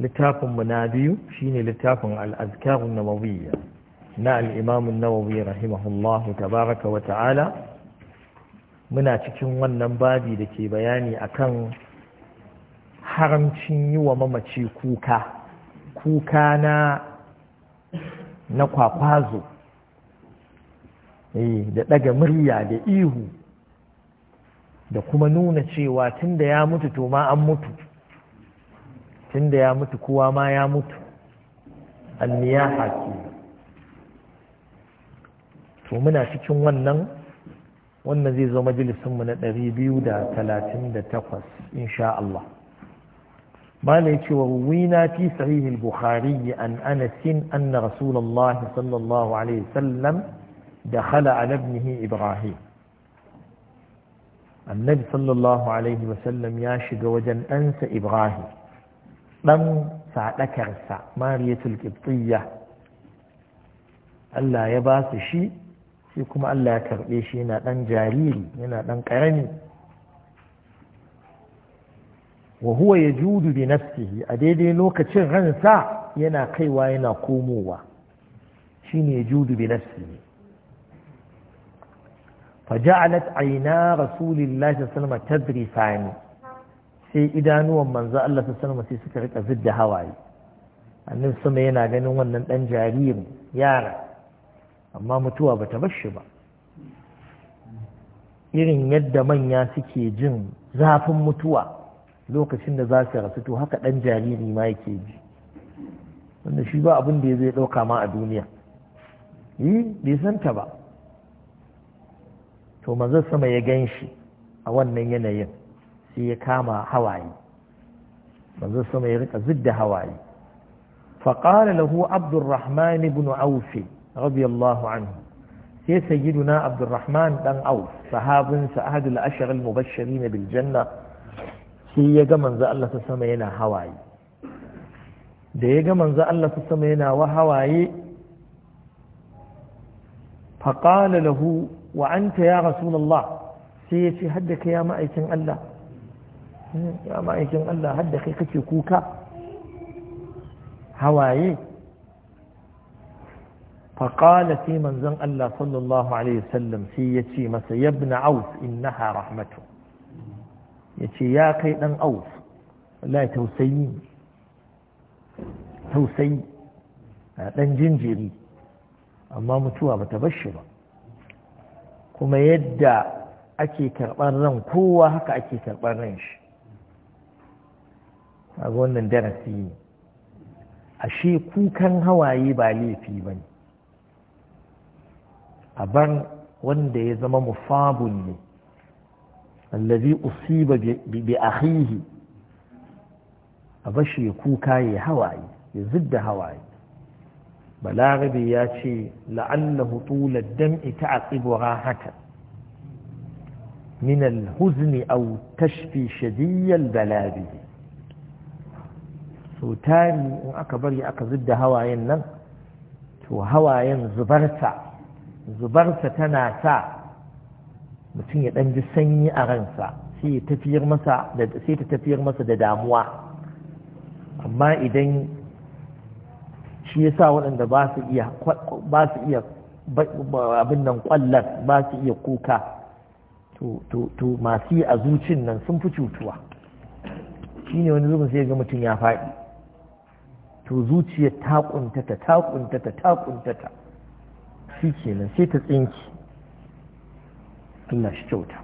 littafin mu na biyu shine littafin al-azkar an na al-imam an rahimahullahu tabaraka wa ta'ala muna cikin wannan babi da ke bayani akan haramcin yi wa mamaci kuka kuka na na kwakwazo eh, da ɗaga murya da ihu da kuma nuna cewa tun da ya mutu to ma an mutu tun da ya mutu kowa ma ya mutu anniya haƙi to muna cikin wannan wannan zai zama zo mu na 238 insha Allah malai cewa wina fi sahih al-bukhari an anas anna rasulullah sallallahu alaihi wasallam dakhala ala ibnihi ibrahim النبي صلى الله عليه وسلم يا شجوجا انس ابراهيم ɗan saɗakarsa mariyatul ƙibtiyya Allah ya ba su shi sai kuma Allah ya karɓe shi yana ɗan jariri yana ɗan ƙarami wa huwa ya judu bi nafsihi a daidai lokacin ransa yana kaiwa yana komowa shine ya judu bi nafsihi fa ja'alat aina rasulillahi sallallahu alaihi wasallam tadrisani sai idanuwan manzo Allah sallallahu alaihi suka rika zidda hawaye annabi sama yana ganin wannan dan jaririn yara amma mutuwa bata bar shi ba irin yadda manya suke jin zafin mutuwa lokacin da za su rasu to haka dan jariri ma yake ji wanda shi ba abin da ya zai ɗauka ma a duniya yi eh, bai san ta ba to manzo sama ya gan shi a wannan yanayin sai ya kama hawaye manzo sama ya rika da hawaye فقال له عبد الرحمن بن عوف رضي الله عنه سي سيدنا عبد الرحمن بن عوف صحاب أحد الأشر المبشرين بالجنة سي يجا منزا الله تسمينا هواي da ya ga manzo Allah ta sama yana wa hawaye faƙala lahu wa ya rasulallah sai ya ce hadda ka ya Allah ya ma'aikin Allah hadda kai kake kuka hawaye faƙala fi manzan Allah sallallahu Alaihi wasallam sai ya ce masa yabna aus innaha rahmatu ya ce ya kai ɗan aus Allah ya tausayi a ɗan jinjiri amma mutuwa bata ta bashi ba kuma yadda ake karɓar ran kowa haka ake karɓar ran shi a wannan darasi ne ashe kukan hawaye ba laifi ba ne a bar wanda ya zama mufabun ne allazi usiba bi akhihi a bashi ya kuka ya hawaye ya zidda hawaye balarabe ya ce la'annahu tula dam'i ta'aqibu rahata min al-huzni aw tashfi shadiyya balabi To tari in aka bari aka zidda hawayen nan to hawayen zubarsa zubarsa tana sa mutum ya ɗan ji sanyi a ransa sai ta tafiyar masa da damuwa amma idan shi ya sa waɗanda ba su iya abin nan ƙwallar ba su iya kuka to masu yi a zucin nan sun fi cutuwa shi ne wani zubin sai ga mutum ya faɗi to zuciyar ta kuntata ta kuntata ta kuntata shi kenan sai ta tsinki Allah shi kyauta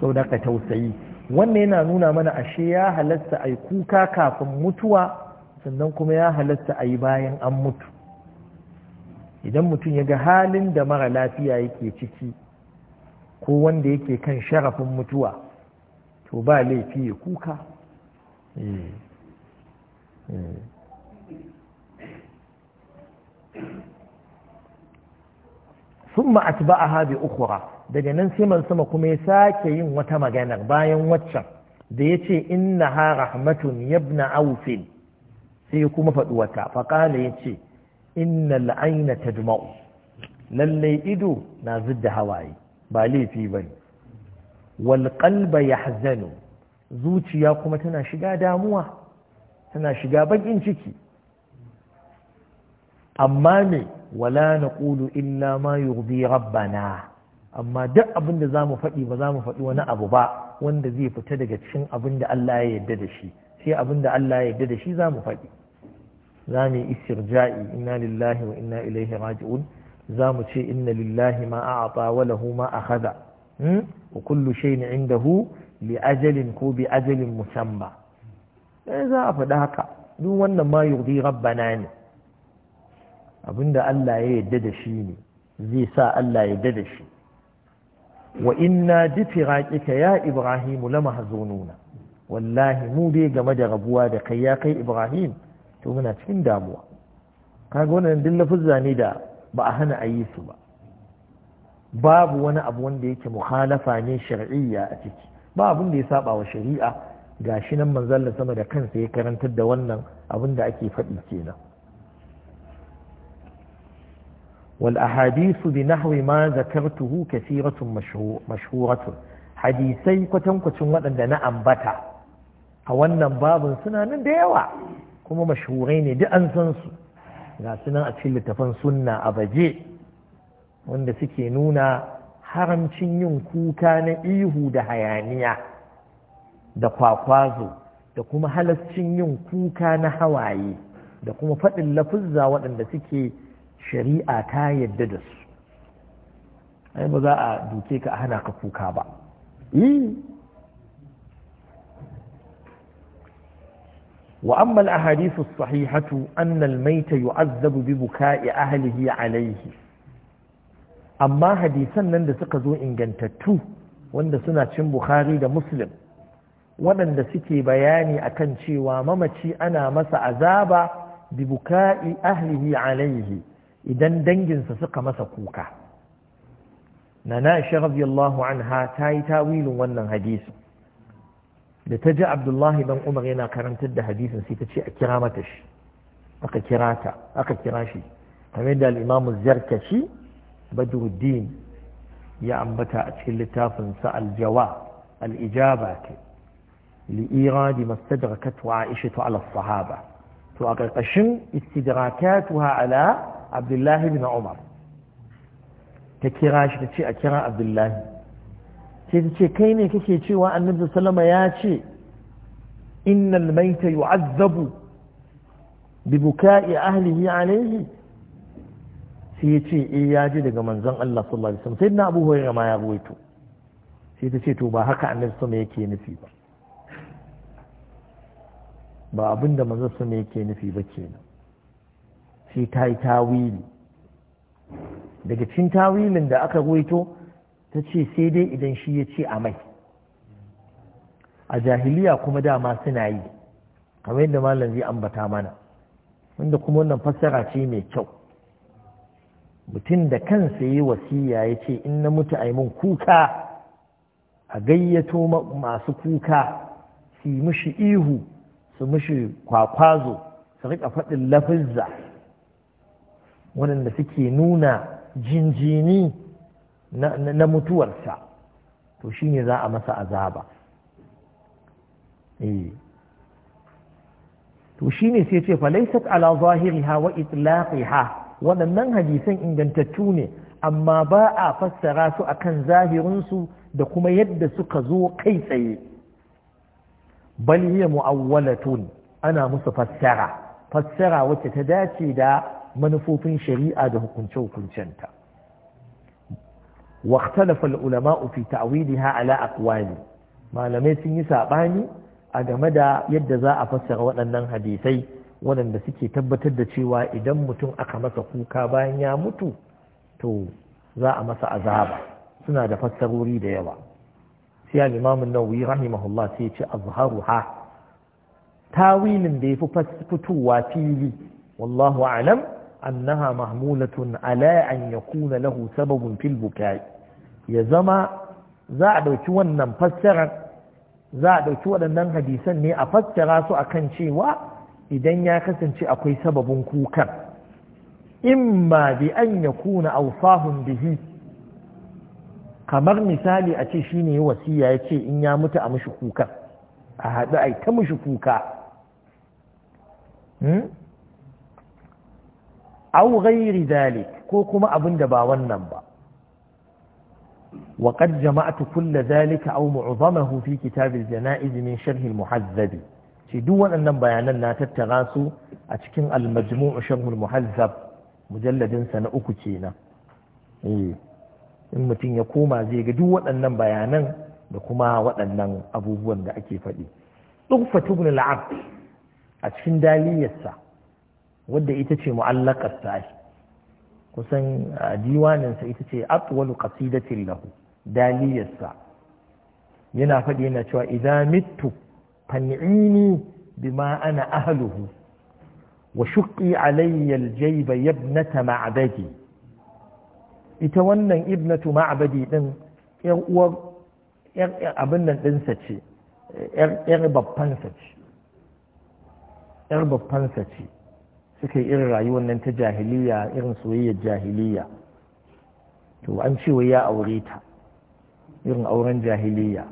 sau da ka tausayi wannan yana nuna mana ashe ya halatta a yi kuka kafin mutuwa sannan kuma ya halatta a yi bayan an mutu idan mutum ya ga halin da mara lafiya yake ciki ko wanda yake kan sharafin mutuwa to ba laifi ya kuka eh. Eh. ثم أتبعها بأخرى daga nan sai man sama kuma ya sake yin wata maganar bayan waccan da ya ce inna ha rahmatun yabna aufin sai kuma faɗi wata faƙala ya ce inna la'aina ta juma'u lallai ido na da hawaye ba laifi ba ne wal ya yahzanu zuciya kuma tana shiga damuwa tana shiga baƙin ciki amma me wala na ƙulu illa ma yughdi rabbana amma duk abin da zamu faɗi ba zamu faɗi wani abu ba wanda zai fita daga cikin abin da Allah ya yarda da shi sai abin da Allah ya yarda da shi mu faɗi mu yi istirja'i inna lillahi wa inna ilaihi raji'un zamu ce inna lillahi ma a'ata wa lahu ma akhadha hmm? wa kullu shay'in indahu li ajalin ko bi ajalin musamma eh, za a faɗi haka duk wannan ma yughdi rabbana ne abinda Allah ya yarda da shi ne zai sa Allah ya yarda da shi wa inna bi ya ibrahim nuna? wallahi mu dai game da rabuwa da kai ya kai ibrahim to muna cikin damuwa kaga wannan duk lafuzza ne da ba a hana a su ba babu wani abu wanda yake muhalafa ne shar'iyya a ciki ba abin da ya saba wa shari'a gashi nan manzalla sama da kansa ya karantar da wannan abin da ake faɗi kenan والأحاديث بنحو ما ذكرته كثيرة مشهور مشهورة حديثي كتن كتن وأن أنبتا أولا باب سنة ديوا كما مشهورين دي أنسنس ga suna a cikin littafan sunna a baje wanda suke nuna haramcin yin kuka na ihu da hayaniya da kwakwazo da kuma halascin yin kuka na hawaye da kuma faɗin lafuzza waɗanda suke shari'a ta yadda da su ai ba za a duke ka a hana ka kuka ba wa amma al-ahadith as-sahihatu anna al-mayt yu'adhdhabu bi buka'i ahlihi alayhi amma hadisan nan da suka zo ingantattu wanda suna cin bukhari da muslim waɗanda suke bayani akan cewa mamaci ana masa azaba bi buka'i ahlihi alayhi idan danginsa suka masa kuka nana aisha radiyallahu anha ta yi tawilin wannan hadisi da ta ji abdullahi dan umar yana karantar da hadisin sai ta ce a kira mata shi aka kira ta aka kira shi kamar da al shi. zarkashi badruddin ya ambata a cikin littafin sa al-jawa al-ijaba لإيراد To استدركته عائشة to a ƙarƙashin استدراكاتها ala? abdullahi bin umar ta kira shi ta ce a kira abdullahi sai ta ce kai ne kake cewa annabi Salama ya ce innal maita yu'azzabu bi buka'i ahlihi alayhi sai ya ce eh ya ji daga manzon Allah sallallahu alaihi wasallam sai na Abu Hurairah ma ya ruwaito sai ta ce to ba haka annabi sallama yake nufi ba ba abinda manzon sallama yake nufi ba kenan sai ta yi tawili daga cikin tawilin da aka gwaito, ta ce sai dai idan shi ya ce a mai a jahiliya kuma dama suna yi kamar yadda malam zai ambata mana wanda kuma wannan fassara ce mai kyau mutum da kansa yi wasiya ya ce in na mutu a mun kuka a gayyato masu kuka su yi mishi ihu su mushi kwakwazo su riƙa faɗin lafizza waɗanda suke nuna jinjini na mutuwarsa to ne za a masa azaba eh. to ne sai ce fa ala zahiriha wa itlaqiha waɗannan hadisan ingantattu ne amma ba a fassara su akan zahirinsu da kuma yadda suka zo kai tsaye bal hiya mu'awwalatun ana musu fassara fassara wacce ta dace da manufofin shari'a da hukunce-hukuncenta ulama'u fi tawili ha على أقوال malamai sun yi saɓani a game da yadda za a fassara waɗannan hadisai waɗanda suke tabbatar da cewa idan mutum aka masa kuka bayan ya mutu to za a masa azaba suna da fassarori da yawa sai limamin imamun nawawi rahimahullah sai ce ha tawilin da ya fi fitowa fili wallahu alam annaha mahmulatun ala an yakuna lahu sababun fil bukai ya zama za a ɗauki wannan fassarar za a ɗauki waɗannan hadisan ne a fassara su akan cewa idan ya kasance akwai sababin kukan imma bi anyaku na awsahun bihi kamar misali a ce shine wasiya ya ce in ya mutu a mushi kukan a haɗu a ta mushi kuka aw ghairi ko kuma abin da ba wannan ba waqad jama'tu kulla zalika aw mu'zamahu fi kitab al-janaiz min sharh duk waɗannan bayanan na tattara su a cikin al-majmu' sharh al-muhazzab mujalladin na uku kenan eh in mutum ya koma zai ga duk waɗannan bayanan da kuma waɗannan abubuwan da ake faɗi ɗuffa tubnul a cikin daliyarsa wadda ita ce mu'allaqar sa'i kusan diwaninsa ita ce atwalu qasidatin lahu daliyarsa yana faɗi yana cewa idza mittu fan'ini bima ana ahluhu wa shuqqi alayya aljayba yabnata ma'badi ita wannan ibnatu ma'badi din yar abin nan dinsa ce yar ce ce suka yi irin rayuwar nan ta jahiliya irin soyayyar jahiliya to an ce wai ya aure ta irin auren jahiliya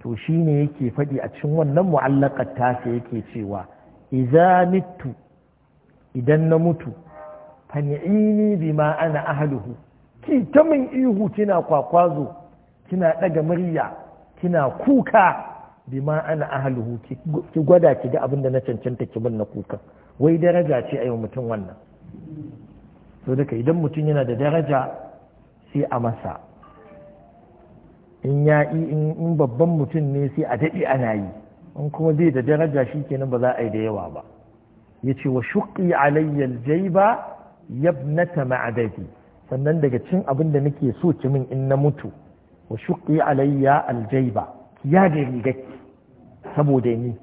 to shine yake faɗi a cikin wannan ta tasa yake cewa idza mittu idan na mutu fani'ini bima ana ahluhu ki ta min ihu kina kwakwazo kina ɗaga murya kina kuka bima ana ahluhu ki gwada ki ga abin da na cancanta ki min na kuka wai daraja ce a yi mutum wannan so daga idan mutum yana da daraja sai a masa in ya in babban mutum ne sai a daɗe ana yi in kuma zai da daraja shi kenan ba za a yi da yawa ba ya ce wa shuƙi alayyal jaiba yabnata ma'adadi sannan daga cin abin da nake so ki min in na mutu wa shuƙi alayya aljaiba ya da rigaki saboda ni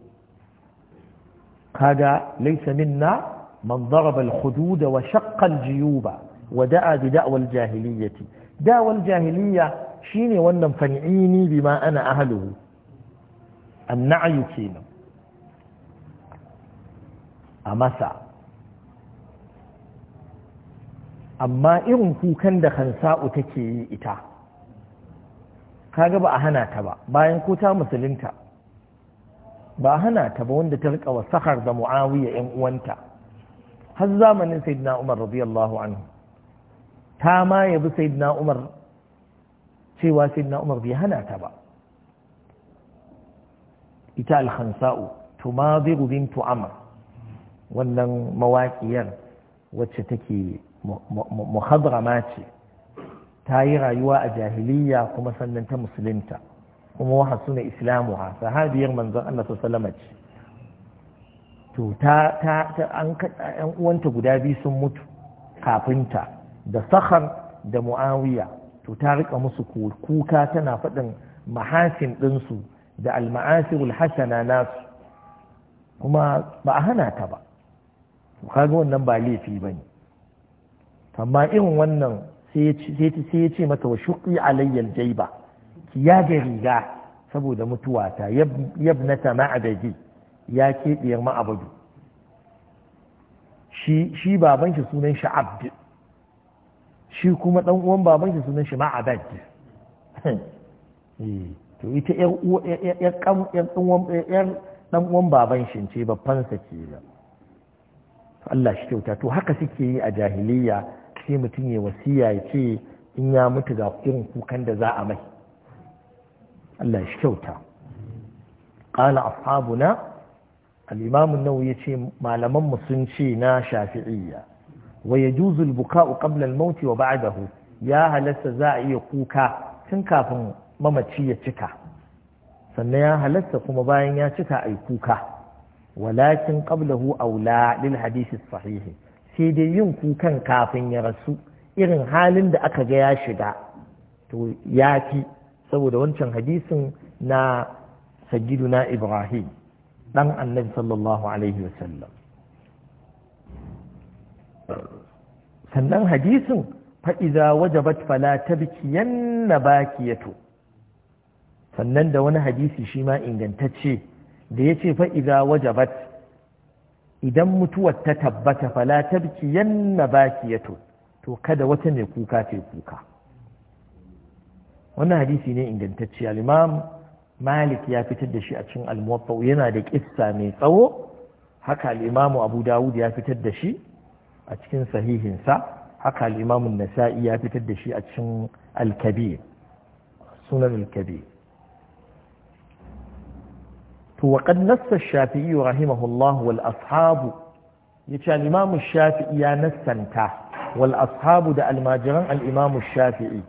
kaga laysa minna man daraba al-hudud wa shaqqa al-juyuba wa da'a bi da'wal jahiliyyati da'wal shine wannan fan'ini bima ana ahluhu an-na'yu kenan a masa amma irin kukan da hansa'u take yi ita kaga ba a hana ta ba bayan ko ta musulunta ba hana ta ba wanda ta rika wasakar da muawiya yan uwanta har zamanin sayyidina umar radiyallahu anhu ta ma yabi sayyidina umar cewa sayyidina umar bai hana ta ba ita al-khansa'u tumadhiru bintu amr wannan mawaƙiyar wacce take muhadrama ce ta yi rayuwa a jahiliya kuma sannan ta musulunta kuma wa hasuna islamuha sahabiyar manzon Allah sallallahu alaihi ce to ta ta an yan uwanta guda biyu sun mutu kafinta da sakhar da muawiya to ta rika musu kuka tana faɗin mahasin ɗinsu da alma'asirul hasana nasu kuma ba a hana ta ba kaga wannan ba laifi bane amma irin wannan sai ya ce mata wa shuƙi alayyar jaiba ya ga riga saboda mutuwata yabnata ma'adadi ya ke diyar shi shi baban shi sunan shi abd shi kuma dan uwan baban shi sunan shi ma'abad eh, to ita yar yar yar dan uwan baban shi ce babban sa ke da Allah shi kyauta to haka suke yi a jahiliya sai mutum ya wasiya ya ce in ya mutu ga irin kukan da za a mai Allah shi kyauta qala ashabuna al-imam an-nawawi yace malaman mu sun ce na shafi'iyya wa yajuzu al-buka'u qabla al wa ba'dahu ya halasta za a iya kuka tun kafin mamaci ya cika sannan ya halasta kuma bayan ya cika yi kuka walakin qablahu aula lil hadisi sahihi sai dai yin kukan kafin ya rasu irin halin da aka ga ya shiga to ya fi saboda wancan hadisin na sayyiduna ibrahim dan annabi sallallahu alaihi wasallam sannan hadisin fa'iza wajabat fala baki yato. sannan da wani hadisi shi ma ingantacce da ya ce fa'iza wajabat idan mutuwar ta tabbata fala baki yato, to kada wata mai kuka ce kuka wannan hadisi ne ingantacce al-imam malik ya fitar da shi a cikin al-muwatta yana da kissa mai tsawo haka al-imam abu dawud ya fitar da shi a cikin sahihin sa haka al-imam an-nasa'i ya fitar da shi a cikin al-kabir sunan al-kabir to wa qad nassa ash-shafi'i rahimahullah wal ashabu yace al-imam ash-shafi'i ya nassanta wal ashabu da al almajiran al-imam ash-shafi'i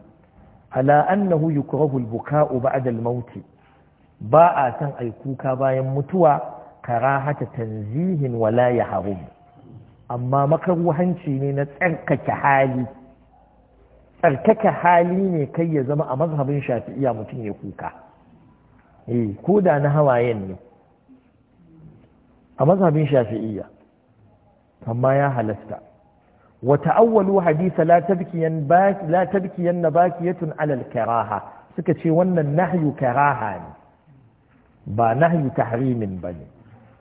ala annahu yukrahu al-buka'u ba'da al ba a san ai kuka bayan mutuwa karahata tanzihin wala yahrum amma makaruhanci ne na tsarkake hali tsarkake hali ne kai ya zama a mazhabin shafi'iya mutum ya kuka eh ko da na hawayen ne a mazhabin amma ya halasta wa ta'awwalu hadisa la tabkiyan ba la tabkiyan alal karaha suka ce wannan nahyu karaha ne ba nahyu ba ne,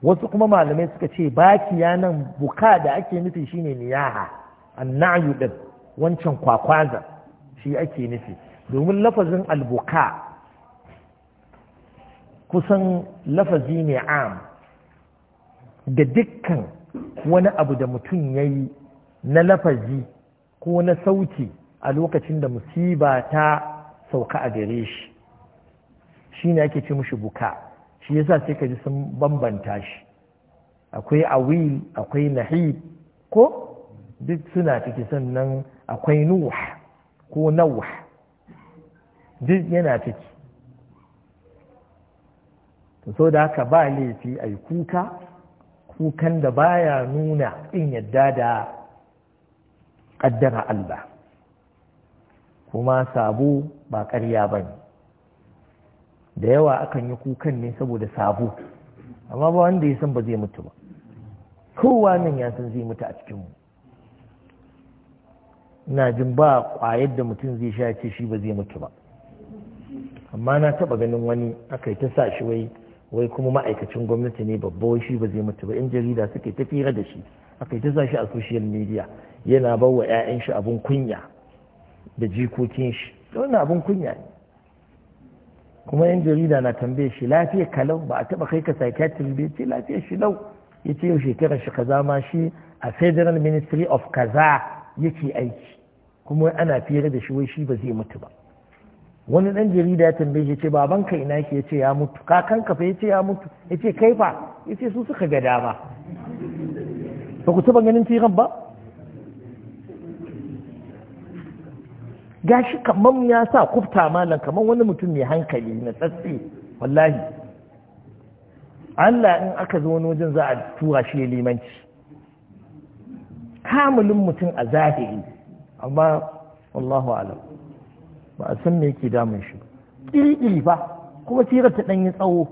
wasu kuma malamai suka ce bakiya nan buka da ake nufi shine niyaha annayu din wancan kwakwaza shi ake nufi domin lafazin albuka kusan lafazi ne am da dukkan wani abu da mutum ya yi na lafazi ko na sauti a lokacin da musiba ta sauka a gare shi shi ne ake ce mushi buka shi yasa sai ka ji sun bambanta shi akwai awil akwai nahi ko duk suna ciki sannan akwai nuh ko nawa duk yana ciki so da haka ba laifi a kuka kukan da baya nuna in yadda da ƙaddara Allah kuma sabo ba ƙarya ba ne da yawa akan yi kukan ne saboda sabo amma ba wanda ya san ba zai mutu ba kowa nan ya san zai mutu a cikinmu ina jin ba ƙwayar da mutum zai sha ce shi ba zai mutu ba amma na taɓa ganin wani aka yi ta sa shi wai wai kuma ma'aikacin gwamnati ne babba wai shi ba zai mutu ba 'yan jarida suke tafira da shi aka ta a social media yana ba wa 'ya'yan shi abin kunya da jikokin shi wannan abin kunya ne kuma yan jarida na tambaye shi lafiya kalau ba a taba kai ka psychiatrist bai ce lafiya shi lau ya ce yau shekarar shi kaza ma shi a federal ministry of kaza yake aiki kuma ana fira da shi wai shi ba zai mutu ba wani dan jarida ya tambaye shi ce babanka ina ke ya ce ya mutu kakan ka fa ya ce ya mutu ya ce kai fa ya ce su suka ga dama ba ku taba ganin firan ba gashi kamar ya sa kufta malam kamar wani mutum mai hankali na tsatsi wallahi Allah in aka zo wani wajen za a tura shi ya limanci kamulin mutum a zahiri amma wallahu alam ba a san me yake damun shi ƙiri ba kuma tirar ta ɗanyi tsawo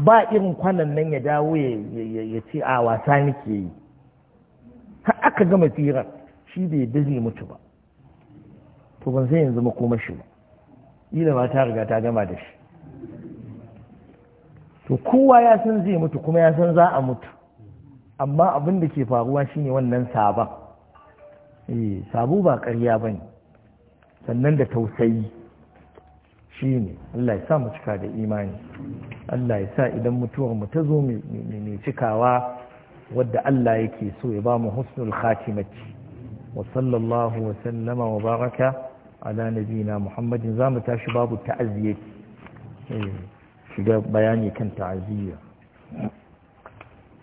ba irin kwanan nan ya dawo ya ce a wasa nake yi har aka gama tsirar shi bai dazi mutu ba to ban sai yanzu makoma shi ba ila ma ta riga ta gama da shi to kowa ya san zai mutu kuma ya san za a mutu amma abin da ke faruwa shine wannan sabon eh sabu ba ƙarya bane sannan da tausayi shine Allah ya sa mu cika da imani Allah ya sa idan mutuwar mu ta zo mai cikawa wadda Allah yake so ya ba mu husnul khatimati wa sallallahu wa sallama wa baraka ala nabina muhammadin zamu tashi babu ta'aziyya eh, shiga bayani kan ta'aziyya